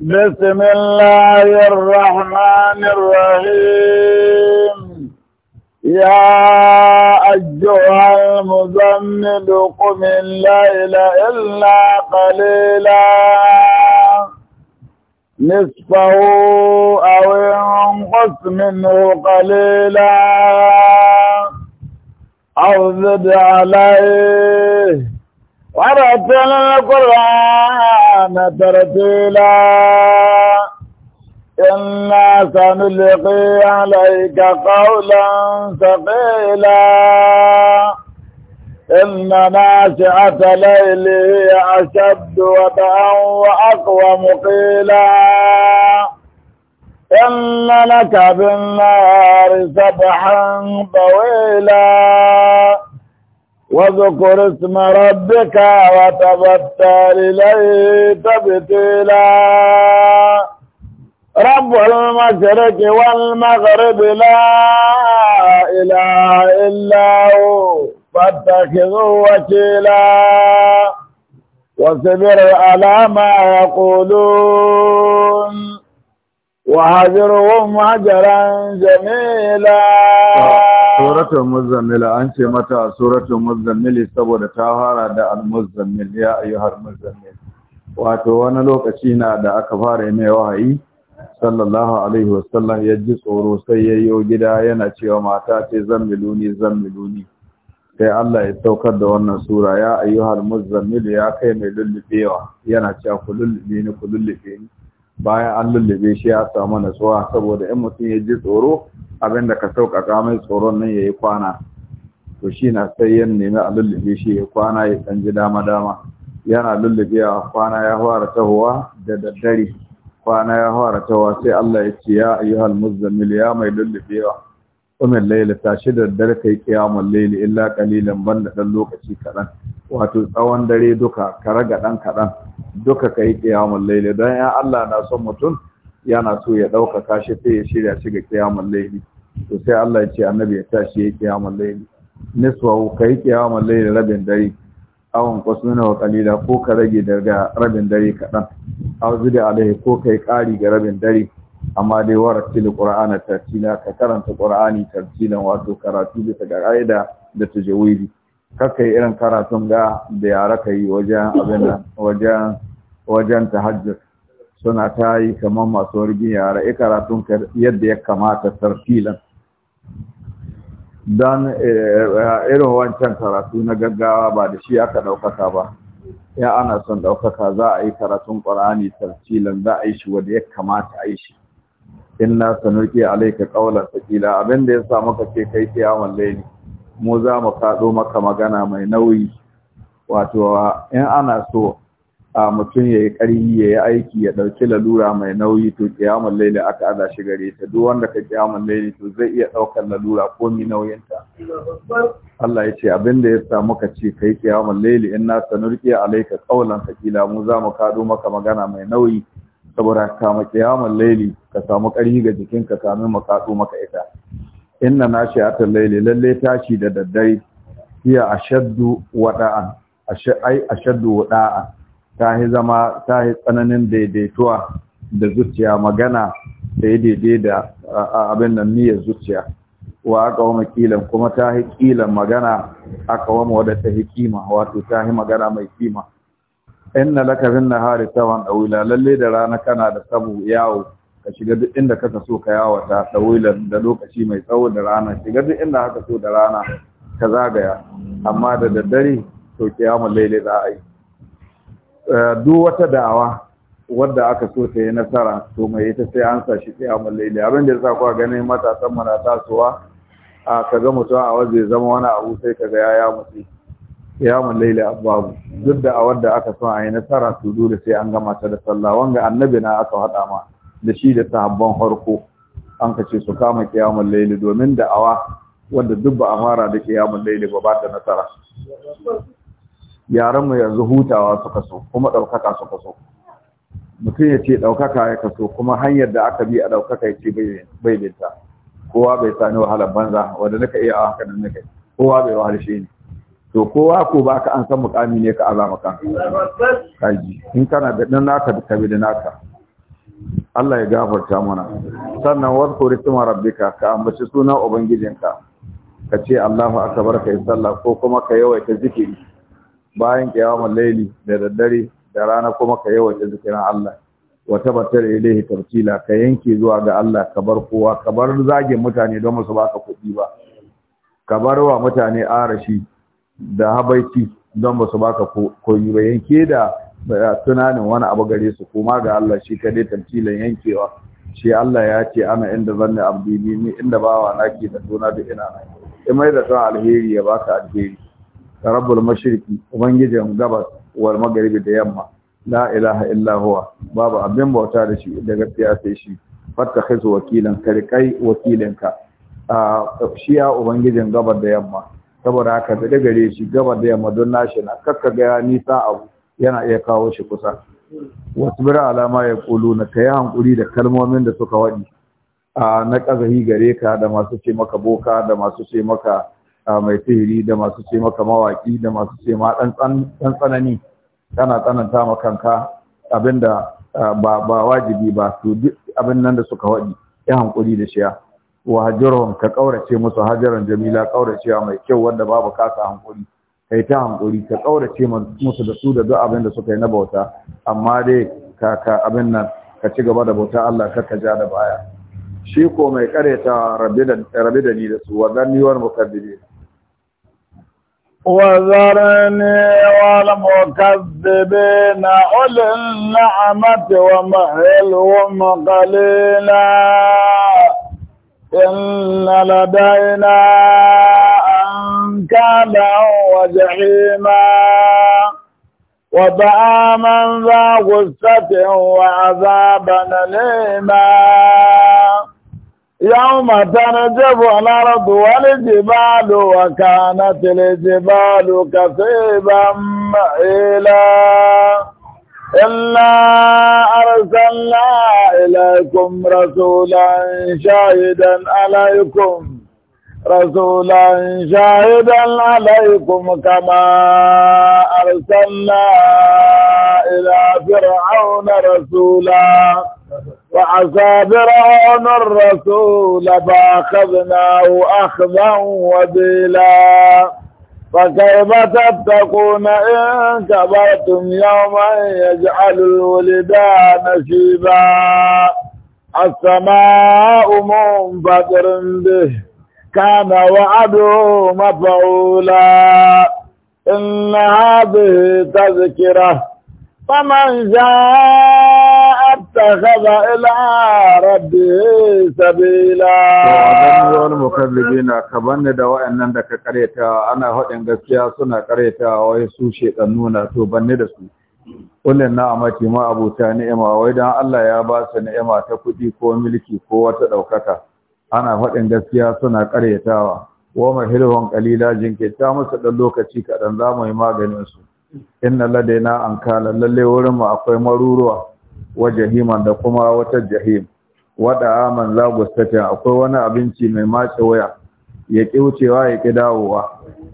بسم الله الرحمن الرحيم يا أيها المزمل قم الليل إلا قليلا نصفه أو انقص منه قليلا أو زد عليه ورتل القرآن ترتيلا إنا سنلقي عليك قولا ثقيلا إن ناشئة ليل هي أشد وباء واقوى مقيلا إن لك بالنار سبحا طويلا واذكر اسم ربك وتبتل إليه تبتيلا رب المشرق والمغرب لا إله إلا هو فاتخذوا وكيلا واصبر على ما يقولون وهجرهم هجرا جميلا آه. suratul muzammil an ce mata suratul muzammil saboda ta fara da al-muzammil ya ayyuhal muzammil wato wani lokaci na da aka fara mai wahayi sallallahu alaihi wasallam ya ji tsoro sai yayyo gida yana cewa mata ce zammiluni zammiluni sai Allah ya saukar da wannan sura ya ayyuhal muzammil ya kai mai lullubewa yana cewa ku lullube ni ku lullube ni bayan an lullube shi ya samu natsuwa saboda in mutum ya ji tsoro abin da ka sauƙaƙa mai tsoron nan ya yi kwana to shi na sai yin nemi a lullube shi ya kwana ya ɗan ji dama-dama yana lullube a kwana ya fara tahowa da daddare kwana ya fara tahowa sai Allah ya ce ya ayyuhal muzzammil ya mai lullubewa kumin laila ta shi da dare kai kiyamun laili illa ban banda dan lokaci kaɗan, wato tsawon dare duka ka raga dan kadan duka kai kiyamun laili dan ya Allah na son mutum yana so ya dauka kashi sai ya shirya shi ga kiyamun laili to sai Allah ya ce annabi ya tashi ya kiyamun laili niswa kai kiyamun laili rabin dare awon kwasuna wa kalila ko ka rage daga rabin dare kaɗan aw da alaihi ko kai ƙari ga rabin dare amma dai wara warattil qur'ana tartila ka karanta qur'ani tartila wato karatu bisa ga gaida da tajawidi kaka yi irin karatun ga da yara ka yi wajen abin wajen wajen tahajjud suna ta yi kamar masu wargin yara ya karatun yadda ya kamata tartilan don eh, irin wancan karatu na gaggawa ba da shi aka ɗaukaka ba ya ana son ɗaukaka za a yi karatun ƙwarani tartilan za a yi shi wadda ya kamata a yi shi inna sanuki alayka qawlan thaqila da yasa maka ce kai kiyamun laili mu za mu kado maka magana mai nauyi wato in ana so a mutum yayi ƙarfi yayi aiki ya dauki lalura mai nauyi to kiyamun laili aka aza shi gare ta duk wanda ka kiyamun laili to zai iya daukar lalura ko mi nauyin ta Allah ya ce abin abinda yasa muka ce kai kiyamun laili inna sanuki alayka qawlan thaqila mu za mu kado maka magana mai nauyi saboda samu kiyamar laili ka samu ƙarfi ga jikinka kamin makatsu maka ita inna nashi atal laili lalle tashi da daddare hiya ashaddu wada'an ai ashaddu wada'an ta yi zama ta yi tsananin daidaituwa da zuciya magana da ya daidai da abin nan niyyar zuciya wa aka wama kilan kuma ta yi kilan magana aka wama wadda ta yi kima wato ta yi magana mai kima inna laka bin nahari tawan dawila lalle da rana kana da sabu yawo ka shiga duk inda kaka so ka yawo ta dawila da lokaci mai tsawo da rana shiga duk inda haka so da rana ka zagaya amma da daddare to kiyamul laile za a yi eh, duk wata da'awa wadda aka so ta yi nasara to mai ita sai an sa shi kiyamul laile, abin da yasa kuwa ganin matasan mana tasowa a kaga mutum a waje zama wani abu sai kaga ya ya mutu qiyamul laila babu duk da a wanda aka so a yi nasara su dole sai an gama ta da sallah wanga annabi na aka hada ma da shi da sahabban harko an kace su kama qiyamul laili domin da awa wanda duk ba a fara da qiyamul layli ba ba ta nasara yaran mu yanzu hutawa suka so kuma daukaka suka so mutum ya ce daukaka ya kaso kuma hanyar da aka bi a daukaka ya ce bai binta kowa bai sani wahalar banza wanda naka iya a haka ni nake kowa bai wahalshe ne to kowa ko ba ka an san mukami ne ka azama kan kaji in kana da dan naka da kabe da naka Allah ya gafarta mana sannan zkur isma rabbika ka ambaci sunan ubangijinka ka ce Allahu akbar ka sallah ko kuma ka yawaita zikiri bayan kiyama laili da daddare da rana kuma ka yawaita zikirin Allah wa tabbatar ilaihi tartila ka yanke zuwa ga Allah ka bar kowa ka bar zagin mutane don masu baka kuɗi ba ka bar wa mutane arashi da habaiti don ba su baka koyi ba yanke da tunanin wani abu gare su kuma ga Allah shi kadai tamtilan yankewa shi Allah ya ce ana inda zanna abdi ni inda bawa na ke da tona da ina na in mai da tona alheri ya baka alheri rabbul mashriqi ubangijin gabas wal magharibi da yamma la ilaha illa huwa babu abin bauta da shi da gaskiya sai shi fatta fatakhizu wakilan karkai wakilinka a ah, shiya ubangijin gabas da yamma saboda haka da gare shi gaba da yamma don nashi na kakka ga ya nisa abu yana iya kawo shi kusa wasu bira alama ya kulu na ka yi hankuri da kalmomin da suka waɗi a na ƙazahi gare ka da masu ce maka boka da masu ce maka mai sihiri da masu ce maka mawaƙi da masu ce ma ɗan tsanani kana tsananta ma kanka da ba wajibi ba to duk abin nan da suka waɗi ya hankuri da shiya wa ka kaurace musu hajaran jamila kauracewa mai kyau wanda babu kasa hankuri kai ta hankuri ka kaurace musu da su da duk abin da suka yi na bauta amma dai ka abin nan ka ci gaba da bauta Allah kar ka ja da baya shi ko mai kareta ta da da ni da su wa zanni wal وذرني والمكذبين أولي النعمة ومهلهم إن لدينا أنكالا وجحيما وطعاما ذا غصة وعذابا أليما يوم ترجف الأرض والجبال وكانت الجبال كثيبا مئيلا إلا عليكم رسولا شاهدا عليكم رسولا شاهدا عليكم كما أرسلنا إلى فرعون رسولا وعسى فرعون الرسول فأخذناه أخذا وبيلا فكيف تتقون إن كبرتم يوما يجعل الولدان شيبا السماء منفطر به كان وعده مفعولا إن هذه تذكرة فمن جاء اتخذ إلى ربه سبيلا wani mukallabi na kaban da waɗannan da ka kareta ana haɗin gaskiya suna kareta wai su shedannu na to banne da su Ulin na amati ma abuta ni'ima wai dan Allah ya ba su ni'ima ta kuɗi ko milki ko wata ɗaukaka. Ana faɗin gaskiya suna ƙaryatawa. Wa mahilhun qalila jinkirta musu ɗan lokaci kaɗan za mu yi maganin su. Inna ladaina an kala lalle wurin mu akwai maruruwa wa jahiman da kuma wata jahim. Wada aman za gustata akwai wani abinci mai mace waya ya wucewa ya ƙi dawowa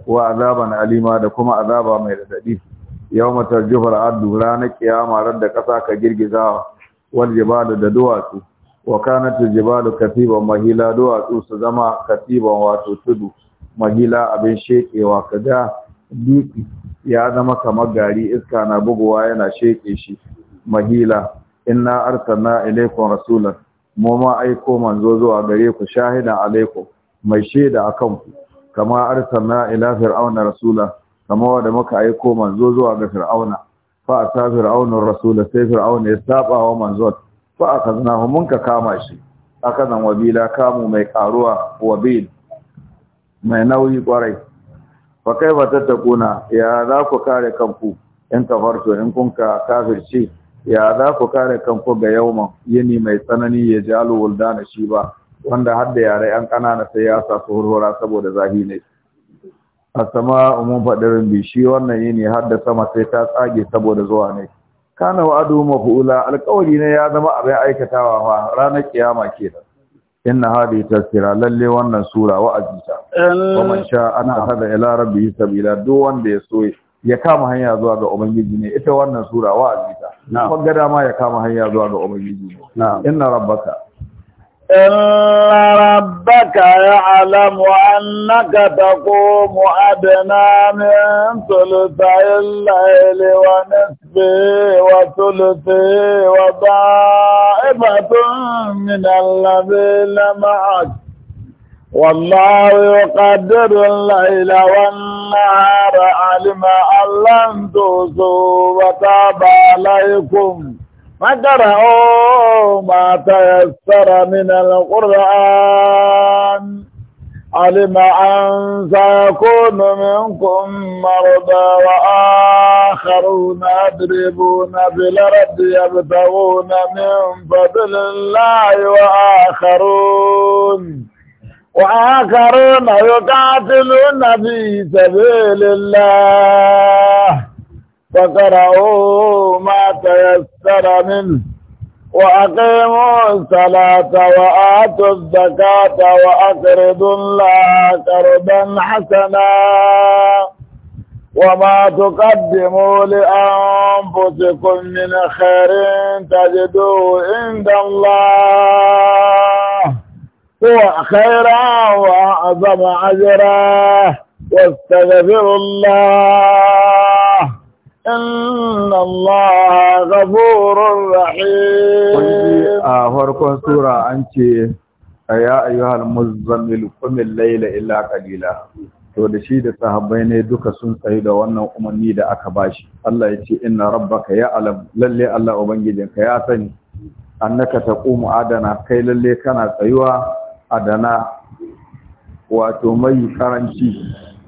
wa azaban alima da kuma azaba mai radadi. yau matar addu ranar kiyama ran da ƙasa ka girgiza wal jibalu da duwatsu wa kanat jibalu katiban mahila duwatsu su zama katiban wato tudu mahila abin shekewa kaga dutse ya zama kamar gari iska na buguwa yana sheke shi mahila In na inna arsalna ilaykum rasulan mu ma aiko manzo zuwa gare ku shahida alaikum mai shaida akan ku kama arsalna ila fir'auna rasula kamar da muka aiko manzo zuwa ga fir'auna fa ta fir'aunur rasul sai fir'auna ya saba wa manzo fa hu mun ka kama shi aka akanan wabila kamu mai karuwa wabil mai nauyi kwarai fa ta tattakuna ya za ku kare kanku in ka farto in kun ka kafirci ya za ku kare kanku ga yauma yini mai tsanani ya jalo na shi ba wanda har da yare yan kanana sai ya sa su hurhura saboda zahi ne a sama mun faɗi rumbi shi wannan yini har da sama sai ta tsage saboda zuwa ne kana wa'adu maf'ula alƙawari ne ya zama abin aikatawa fa ranar kiyama ke kenan inna hadhihi tazkira lalle wannan sura wa'azi ta wa sha ana hada ila rabbihi sabila duk wanda ya so ya kama hanya zuwa ga ubangiji ne ita wannan sura wa'azi ta kun ga dama ya kama hanya zuwa ga ubangiji ne inna rabbaka إن ربك يعلم أنك تقوم أدنى من ثلثي الليل ونصفه وثلثه وطائفة من الذين معك والله يقدر الليل والنهار علم أن لن توسوا وتاب عليكم فقرأوا ما تيسر من القرآن علم أن سيكون منكم مرضى وآخرون يضربون بالرد يبتغون من فضل الله وآخرون وآخرون يقاتلون في سبيل الله فقرأوا ما تيسر منه وأقيموا الصلاة وآتوا الزكاة وأقرضوا الله قرضا حسنا وما تقدموا لأنفسكم من خير تجدوه عند الله هو خيرا وأعظم أجرا واستغفروا الله إن A farkon sura, أهركم سورة أنت يا أيها المزمل قم الليل إلا قليلا to da shi da sahabbai ne duka sun tsayi da wannan umarni da aka bashi Allah ya ce inna rabbaka ya alam lalle Allah ubangijinka ya sani annaka taqumu adana kai lalle kana tsayuwa adana wato mai karanci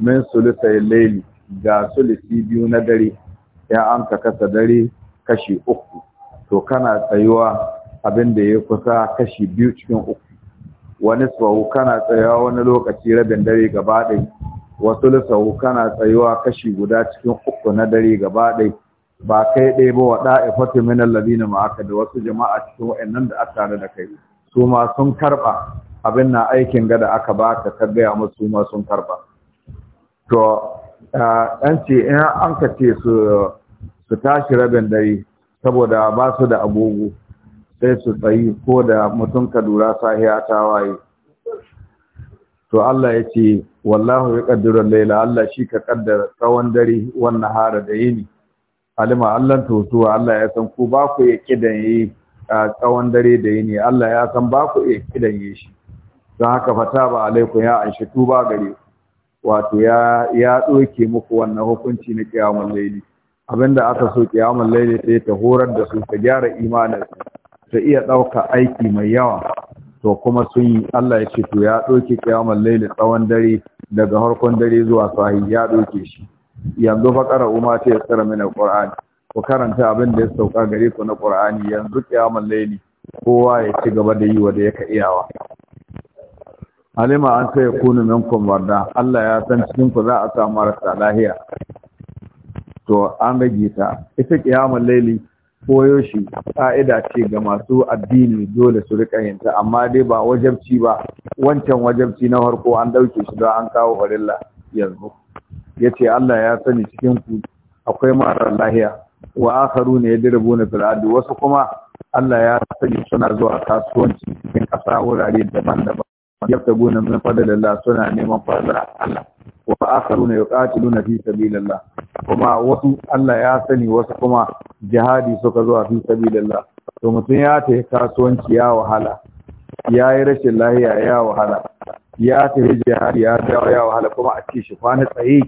min sulusai laili ga sulusi biyu na dare ya an ka kasa dare kashi uku to kana tsayuwa abin da ya kusa kashi biyu cikin uku wani tsawo kana tsayuwa wani lokaci rabin dare gaba ɗai wasu lissawo kana tsayuwa kashi guda cikin uku na dare gaba ɗai ba kai ɗaya ba wa ɗa'ifatu min allazina aka da wasu jama'a cikin wa'annan da aka tare da kai su ma sun karɓa abin na aikin gada aka baka ka gaya musu ma sun karɓa to ɗan ce in an ka ce su tashi rabin dare saboda ba su da agogo sai su tsayi ko da mutum ka dura sahiya ta waye to Allah ya ce wallahu ya kaddara laila Allah shi ka kaddara tsawon dare wannan hara da yini alima Allah tosuwa Allah ya san ku ba ku ya a tsawon dare da yini Allah ya san ba ku da yi shi don haka fata ba alaikum ya anshi tuba gare ku wato ya ya doke muku wannan hukunci na kiyamul laili abinda aka so kiyamul laili sai ta horar da su ta gyara imanin ta iya ɗauka aiki mai yawa to kuma sun yi Allah ya ce to ya doke kiyamul laili tsawon dare daga harkon dare zuwa sahi ya doke shi yanzu fa kara umma ta yassara min qur'ani ku karanta abin da ya sauka gare ku na qur'ani yanzu kiyamul laili kowa ya ci gaba da yi wa da yaka iyawa alima an sai kunu minkum warda Allah ya san cikin ku za a samu marasa lahiya to an rage ta ita kiyamul laili koyo shi ka'ida ce ga masu addini dole su rika yinta amma dai ba wajabci ba wancan wajabci na farko an dauke shi don an kawo farilla yanzu yace Allah ya sani cikin ku akwai marasa lahiya wa akharu ne yadrubuna na ardi wasu kuma Allah ya sani suna zuwa kasuwanci cikin kasa wurare daban-daban yabtaguna min fadlillah suna neman fadlar Allah wa akharuna yuqatiluna fi sabilillah kuma wasu Allah ya sani wasu kuma jihadi suka zuwa fi sabilillah to mutum ya tafi kasuwanci ya wahala ya yi rashin lahiya ya wahala ya tafi jihadi ya dawo ya wahala kuma a ce shi kwana tsaye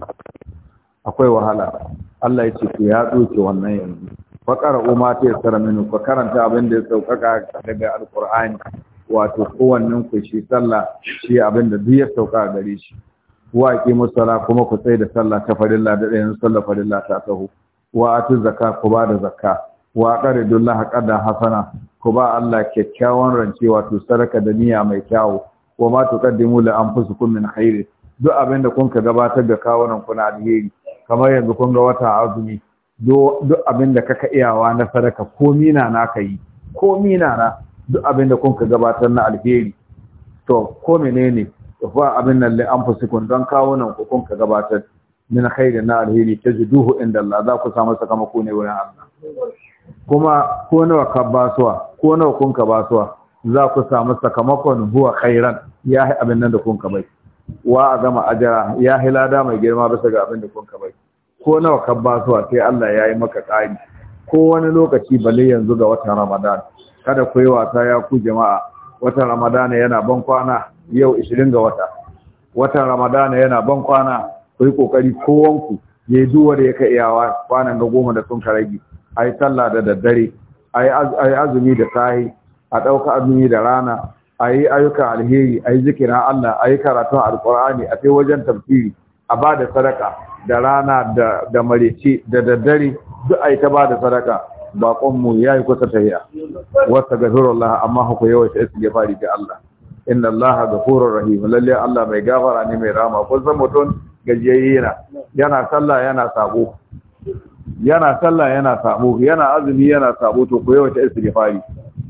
akwai wahala Allah ya ce to ya tsoke wannan yanzu fa qara'u ma tayassara minhu ka karanta abin da ya sauƙaƙa daga alqur'ani wato kowannen ku shi sallah shi abin da duk ya sauka a gare shi wa ki musalla kuma ku tsaya da sallah ta farilla da ɗayan sallah farilla ta sahu. wa atu zakka ku ba da zakka wa qaridullah qada hasana ku ba Allah kyakkyawan rance wato sadaka da niyya mai kyawu wa ma tuqaddimu li anfusikum min khair duk abin da kun ka gabatar da kawunan ku na alheri kamar yanzu kun ga wata azumi duk abin da kaka iyawa na sadaka ko mina na ka yi ko mina na duk abin da kun ka gabatar na alheri to ko menene fa abin nan li anfusikum don nan ku kun ka gabatar min khairin na alheri tajiduhu inda Allah za ku samu sakamako ne wurin Allah kuma ko nawa ka basuwa ko nawa kun ka basuwa za ku samu sakamakon huwa khairan ya yi abin nan da kun ka bai wa azama ajara ya yi lada mai girma bisa ga abin da kun ka bai ko nawa ka basuwa sai Allah ya yi maka ƙari ko wani lokaci balle yanzu ga watan Ramadan kada ku yi wasa ya ku jama'a watan ramadana yana ban kwana yau 20 ga wata watan ramadana yana ban kwana ku yi kokari kowanku ya yi duwa ya ka iyawa kwanan ga goma da sun karagi a yi sallah da daddare a yi azumi da sahi a ɗauka azumi da rana a yi ayyukan alheri a yi zikirin allah a yi karatun Alƙur'ani, a sai wajen tafsiri a ba da sadaka da rana da marece da daddare duk a yi ta ba da sadaka baƙonmu ya yi kusa tahiya wata Laha. amma haku yawaita istighfari ga Allah inna Allah ghafurur rahim lalle Allah mai gafara ne mai rama ko san mutum gajiyayye yana yana sallah yana sabo yana sallah yana sabo yana azumi yana sabo to ku yawaita istighfari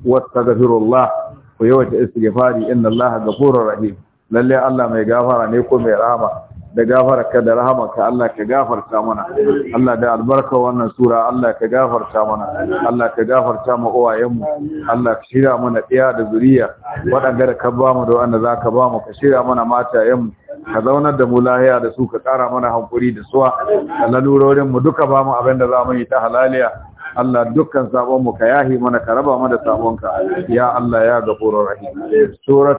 wata gafirullah ku yawaita istighfari inna Allah ghafurur rahim lalle Allah mai gafara ne ko mai rama da gafararka da rahamarka Allah ka gafarta mana Allah da albarka wannan sura Allah ka gafarta mana Allah ka gafarta mu uwayenmu Allah ka shirya mana ɗiya da zuriya waɗanda da ka ba mu da waɗanda za ka ba mu ka shirya mana matayenmu ka zaunar da mu lahiya da su ka kara mana hankuri da suwa da lalurorin mu duka ba mu abin da za mu yi ta halaliya Allah dukkan sabonmu ka yahi mana ka raba mana sabonka ya Allah ya gafurur rahim